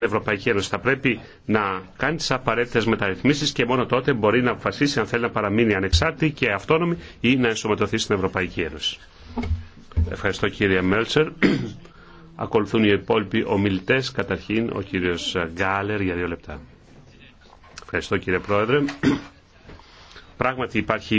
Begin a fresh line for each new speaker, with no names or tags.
Ευρωπαϊκή Ένωση θα πρέπει να κάνει τι απαραίτητε μεταρρυθμίσει και μόνο τότε μπορεί να αποφασίσει αν θέλει να παραμείνει ανεξάρτητη και αυτόνομη ή να ενσωματωθεί στην Ευρωπαϊκή Ένωση. Ευχαριστώ κύριε Μέλτσερ. Ακολουθούν οι υπόλοιποι ομιλητέ. Καταρχήν ο κύριο Γκάλερ για δύο λεπτά. Ευχαριστώ κύριε Πρόεδρε.
Πράγματι υπάρχει